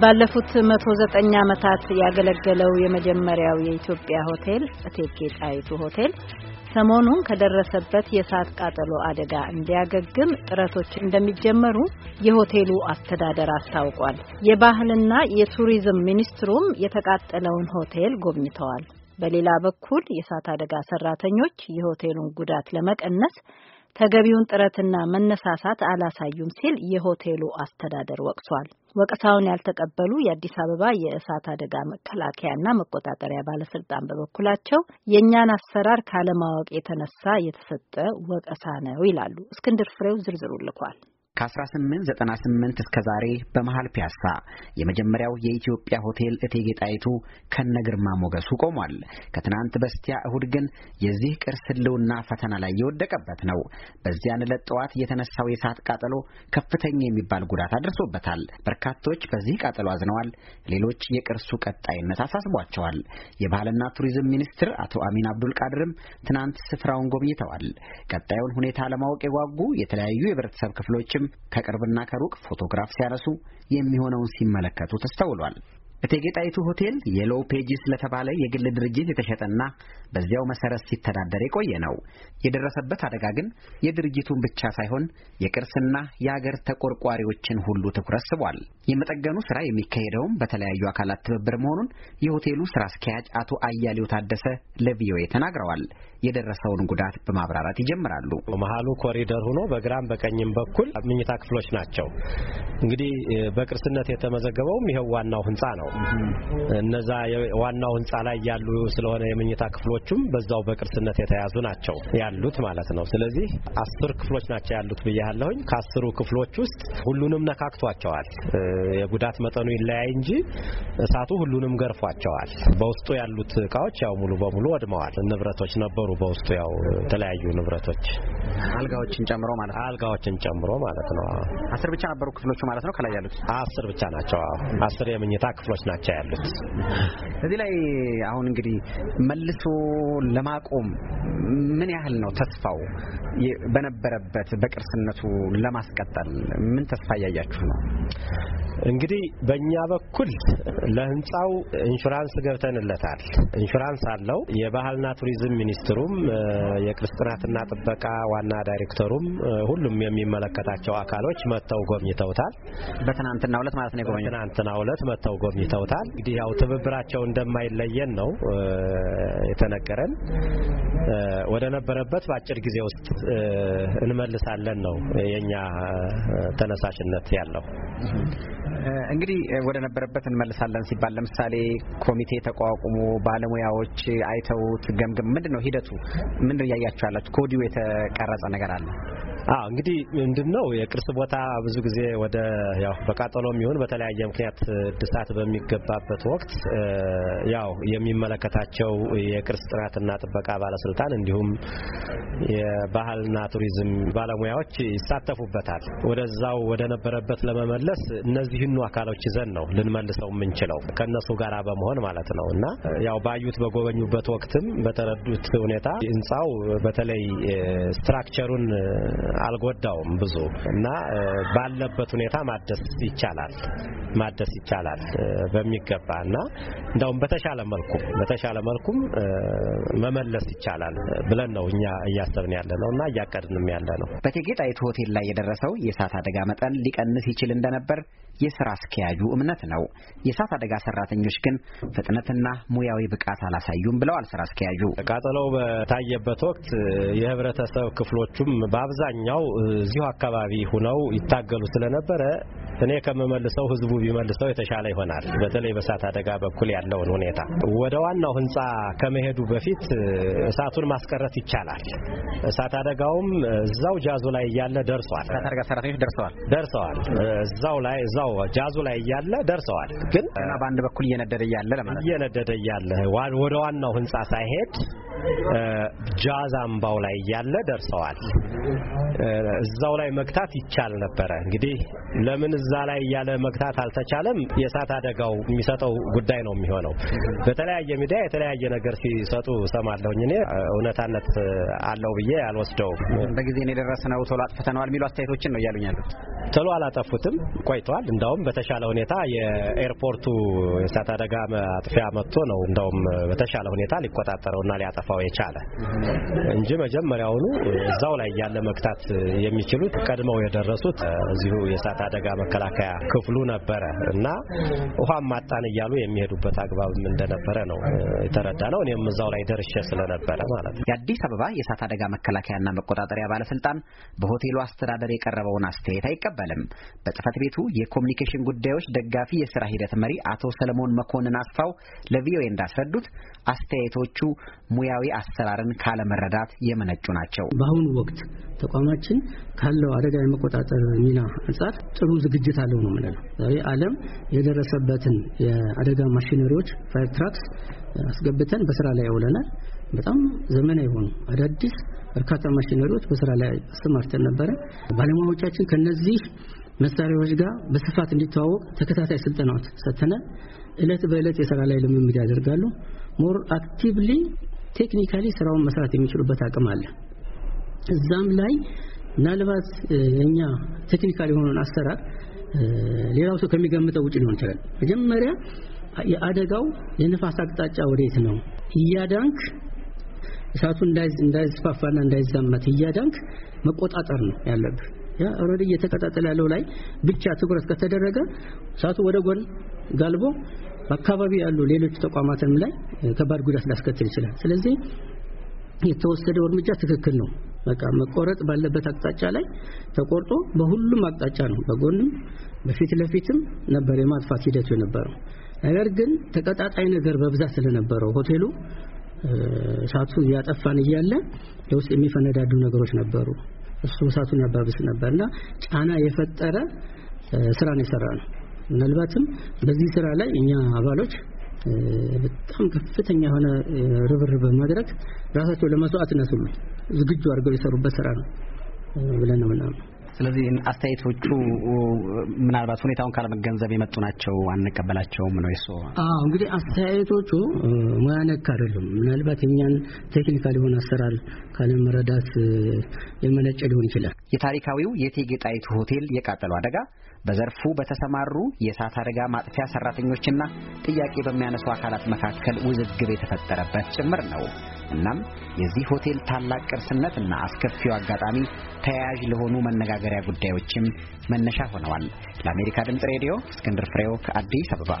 ባለፉት መቶ ዘጠኝ ዓመታት ያገለገለው የመጀመሪያው የኢትዮጵያ ሆቴል እቴጌ ጣይቱ ሆቴል ሰሞኑን ከደረሰበት የእሳት ቃጠሎ አደጋ እንዲያገግም ጥረቶች እንደሚጀመሩ የሆቴሉ አስተዳደር አስታውቋል። የባህልና የቱሪዝም ሚኒስትሩም የተቃጠለውን ሆቴል ጎብኝተዋል። በሌላ በኩል የእሳት አደጋ ሰራተኞች የሆቴሉን ጉዳት ለመቀነስ ተገቢውን ጥረትና መነሳሳት አላሳዩም ሲል የሆቴሉ አስተዳደር ወቅሷል። ወቀሳውን ያልተቀበሉ የአዲስ አበባ የእሳት አደጋ መከላከያና መቆጣጠሪያ ባለስልጣን በበኩላቸው የእኛን አሰራር ካለማወቅ የተነሳ የተሰጠ ወቀሳ ነው ይላሉ። እስክንድር ፍሬው ዝርዝሩ ልኳል። ከ1898 እስከ ዛሬ በመሃል ፒያሳ የመጀመሪያው የኢትዮጵያ ሆቴል እቴጌ ጣይቱ ከነ ግርማ ሞገሱ ቆሟል። ከትናንት በስቲያ እሁድ ግን የዚህ ቅርስ ሕልውና ፈተና ላይ የወደቀበት ነው። በዚያን ዕለት ጠዋት የተነሳው የእሳት ቃጠሎ ከፍተኛ የሚባል ጉዳት አድርሶበታል። በርካቶች በዚህ ቃጠሎ አዝነዋል። ሌሎች የቅርሱ ቀጣይነት አሳስቧቸዋል። የባህልና ቱሪዝም ሚኒስትር አቶ አሚን አብዱል ቃድርም ትናንት ስፍራውን ጎብኝተዋል። ቀጣዩን ሁኔታ ለማወቅ የጓጉ የተለያዩ የህብረተሰብ ክፍሎችም ከቅርብና ከሩቅ ፎቶግራፍ ሲያነሱ የሚሆነውን ሲመለከቱ ተስተውሏል። እቴጌ ጣይቱ ሆቴል የሎው ፔጅስ ለተባለ የግል ድርጅት የተሸጠና በዚያው መሰረት ሲተዳደር የቆየ ነው። የደረሰበት አደጋ ግን የድርጅቱን ብቻ ሳይሆን የቅርስና የአገር ተቆርቋሪዎችን ሁሉ ትኩረት ስቧል። የመጠገኑ ስራ የሚካሄደውም በተለያዩ አካላት ትብብር መሆኑን የሆቴሉ ስራ አስኪያጅ አቶ አያሌው ታደሰ ለቪኦኤ ተናግረዋል። የደረሰውን ጉዳት በማብራራት ይጀምራሉ። መሀሉ ኮሪደር ሆኖ በግራም በቀኝም በኩል ምኝታ ክፍሎች ናቸው። እንግዲህ በቅርስነት የተመዘገበውም ይኸው ዋናው ህንፃ ነው። እነዛ ዋናው ህንፃ ላይ ያሉ ስለሆነ የመኝታ ክፍሎቹም በዛው በቅርስነት የተያዙ ናቸው ያሉት ማለት ነው። ስለዚህ አስር ክፍሎች ናቸው ያሉት ብያለሁኝ። ከአስሩ ክፍሎች ውስጥ ሁሉንም ነካክቷቸዋል። የጉዳት መጠኑ ይለያይ እንጂ እሳቱ ሁሉንም ገርፏቸዋል። በውስጡ ያሉት እቃዎች ያው ሙሉ በሙሉ ወድመዋል። ንብረቶች ነበሩ በውስጡ ያው የተለያዩ ንብረቶች አልጋዎችን ጨምሮ ማለት ነው። አልጋዎችን ጨምሮ ማለት ነው። አስር ብቻ ነበሩ ክፍሎቹ ማለት ነው። ከላይ ያሉት አስር ብቻ ናቸው። አስር የመኝታ ክፍሎች ናቸው ያሉት። እዚህ ላይ አሁን እንግዲህ መልሶ ለማቆም ምን ያህል ነው ተስፋው? በነበረበት በቅርስነቱ ለማስቀጠል ምን ተስፋ እያያችሁ ነው? እንግዲህ በእኛ በኩል ለህንፃው ኢንሹራንስ ገብተንለታል። ኢንሹራንስ አለው። የባህልና ቱሪዝም ሚኒስትሩም የቅርስ ጥናትና ጥበቃ ዋና ዳይሬክተሩም ሁሉም የሚመለከታቸው አካሎች መጥተው ጎብኝተውታል። በትናንትና ዕለት ማለት ነው ጎብኝ በትናንትና ዕለት መጥተው ጎብኝተውታል። እንግዲህ ያው ትብብራቸው እንደማይለየን ነው የተነገረን። ወደ ነበረበት በአጭር ጊዜ ውስጥ እንመልሳለን ነው የኛ ተነሳሽነት ያለው። እንግዲህ ወደ ነበረበት እንመልሳለን ሲባል ለምሳሌ ኮሚቴ ተቋቁሞ ባለሙያዎች አይተውት ገምግም ምንድን ነው ሂደቱ ምንድን እያያችሁ ያላችሁ ከወዲሁ የተቀረጸ ነገር አለ አዎ እንግዲህ ምንድን ነው የቅርስ ቦታ ብዙ ጊዜ ወደ ያው በቃጠሎም ይሁን በተለያየ ምክንያት እድሳት በሚገባበት ወቅት ያው የሚመለከታቸው የቅርስ ጥናትና ጥበቃ ባለስልጣን እንዲሁም የባህልና ቱሪዝም ባለሙያዎች ይሳተፉበታል። ወደዛው ወደ ነበረበት ለመመለስ እነዚህኑ አካሎች ይዘን ነው ልንመልሰው የምንችለው ከእነሱ ጋራ በመሆን ማለት ነው እና ያው ባዩት በጎበኙበት ወቅትም በተረዱት ሁኔታ ህንፃው በተለይ ስትራክቸሩን አልጎዳውም ብዙ እና ባለበት ሁኔታ ማደስ ይቻላል ማደስ ይቻላል በሚገባ እና እንደውም በተሻለ መልኩ በተሻለ መልኩም መመለስ ይቻላል ብለን ነው እኛ እያሰብን ያለ ነው እና እያቀድንም ያለ ነው። በእቴጌ ጣይቱ ሆቴል ላይ የደረሰው የእሳት አደጋ መጠን ሊቀንስ ይችል እንደነበር የስራ አስኪያጁ እምነት ነው። የእሳት አደጋ ሰራተኞች ግን ፍጥነትና ሙያዊ ብቃት አላሳዩም ብለዋል ስራ አስኪያጁ። ቃጠሎው በታየበት ወቅት የህብረተሰብ ክፍሎቹም በአብዛኛው አብዛኛው እዚሁ አካባቢ ሆነው ይታገሉ ስለነበረ እኔ ከምመልሰው ህዝቡ ቢመልሰው የተሻለ ይሆናል። በተለይ በእሳት አደጋ በኩል ያለውን ሁኔታ ወደ ዋናው ህንፃ ከመሄዱ በፊት እሳቱን ማስቀረት ይቻላል። እሳት አደጋውም እዛው ጃዙ ላይ እያለ ደርሷል። እሳት አደጋ ሰራተኞች ደርሰዋል ደርሰዋል እዛው ላይ እዛው ጃዙ ላይ እያለ ደርሰዋል። ግን በአንድ በኩል እየነደደ እያለ ለማለት እየነደደ እያለ ወደ ዋናው ህንፃ ሳይሄድ ጃዝ አምባው ላይ እያለ ደርሰዋል። እዛው ላይ መግታት ይቻል ነበረ። እንግዲህ ለምን እዛ ላይ እያለ መግታት አልተቻለም? የእሳት አደጋው የሚሰጠው ጉዳይ ነው የሚሆነው። በተለያየ ሚዲያ የተለያየ ነገር ሲሰጡ ሰማለሁኝ። እኔ እውነታነት አለው ብዬ አልወስደውም። በጊዜ ነው የደረስነው ቶሎ አጥፍተነዋል የሚሉ አስተያየቶችን ነው እያሉኝ ያሉት። ቶሎ አላጠፉትም፣ ቆይተዋል። እንደውም በተሻለ ሁኔታ የኤርፖርቱ የእሳት አደጋ አጥፊያ መጥቶ ነው እንደውም በተሻለ ሁኔታ ሊቆጣጠረውና ሊያጠፋው ሊገፋው የቻለ እንጂ መጀመሪያውኑ እዛው ላይ ያለ መክታት የሚችሉት ቀድመው የደረሱት እዚሁ የእሳት አደጋ መከላከያ ክፍሉ ነበረ እና ውሃም ማጣን እያሉ የሚሄዱበት አግባብም እንደነበረ ነው የተረዳ ነው። እኔም እዛው ላይ ደርሼ ስለነበረ ማለት ነው። የአዲስ አበባ የእሳት አደጋ መከላከያና መቆጣጠሪያ ባለስልጣን በሆቴሉ አስተዳደር የቀረበውን አስተያየት አይቀበልም። በጽህፈት ቤቱ የኮሚኒኬሽን ጉዳዮች ደጋፊ የስራ ሂደት መሪ አቶ ሰለሞን መኮንን አስፋው ለቪኦኤ እንዳስረዱት አስተያየቶቹ ሙያዊ ተቋማዊ አሰራርን ካለመረዳት የመነጩ ናቸው። በአሁኑ ወቅት ተቋማችን ካለው አደጋ የመቆጣጠር ሚና አንጻር ጥሩ ዝግጅት አለው ነው የምንለው። ዛሬ ዓለም የደረሰበትን የአደጋ ማሽነሪዎች ፋየር ትራክስ አስገብተን በስራ ላይ ያውለናል። በጣም ዘመናዊ የሆኑ አዳዲስ በርካታ ማሽነሪዎች በስራ ላይ አሰማርተን ነበረ። ባለሙያዎቻችን ከነዚህ መሳሪያዎች ጋር በስፋት እንዲተዋወቅ ተከታታይ ስልጠናዎች ሰጥተናል። እለት በእለት የስራ ላይ ልምምድ ያደርጋሉ። ሞር አክቲቭሊ ቴክኒካሊ ስራውን መስራት የሚችሉበት አቅም አለ። እዛም ላይ ምናልባት እኛ ቴክኒካል የሆነውን አሰራር ሌላው ሰው ከሚገምተው ውጭ ሊሆን ይችላል። መጀመሪያ የአደጋው የንፋስ አቅጣጫ ወዴት ነው እያዳንክ እሳቱ እንዳይስፋፋና እንዳይዛመት እያዳንክ መቆጣጠር ነው ያለብህ። ያ ኦልሬዲ እየተቀጣጠለ ያለው ላይ ብቻ ትኩረት ከተደረገ እሳቱ ወደ ጎን ጋልቦ በአካባቢ ያሉ ሌሎች ተቋማትም ላይ ከባድ ጉዳት ሊያስከትል ይችላል። ስለዚህ የተወሰደው እርምጃ ትክክል ነው። በቃ መቆረጥ ባለበት አቅጣጫ ላይ ተቆርጦ በሁሉም አቅጣጫ ነው፣ በጎንም በፊት ለፊትም ነበር የማጥፋት ሂደቱ የነበረው። ነገር ግን ተቀጣጣይ ነገር በብዛት ስለነበረው ሆቴሉ እሳቱ እያጠፋን እያለ ለውስጥ የሚፈነዳዱ ነገሮች ነበሩ። እሱ እሳቱን ያባብስ ነበርና ጫና የፈጠረ ስራ ነው የሰራ ነው። ምናልባትም በዚህ ስራ ላይ እኛ አባሎች በጣም ከፍተኛ የሆነ ርብርብ በማድረግ ራሳቸው ለመስዋዕትነት ሁሉ ዝግጁ አድርገው የሰሩበት ስራ ነው ብለን ነው ምናምን። ስለዚህ አስተያየቶቹ ምናልባት ሁኔታውን ካለመገንዘብ የመጡ ናቸው፣ አንቀበላቸውም ነው የእሱ? አዎ እንግዲህ አስተያየቶቹ ሙያ ነክ አይደሉም። ምናልባት እኛን ቴክኒካል የሆነ አሰራር ካለመረዳት የመነጨ ሊሆን ይችላል። የታሪካዊው የቴጌጣይቱ ሆቴል የቃጠሎ አደጋ በዘርፉ በተሰማሩ የእሳት አደጋ ማጥፊያ ሰራተኞችና ጥያቄ በሚያነሱ አካላት መካከል ውዝግብ የተፈጠረበት ጭምር ነው። እናም የዚህ ሆቴል ታላቅ ቅርስነትና አስከፊው አጋጣሚ ተያያዥ ለሆኑ መነጋገሪያ ጉዳዮችም መነሻ ሆነዋል። ለአሜሪካ ድምፅ ሬዲዮ እስክንድር ፍሬው ከአዲስ አበባ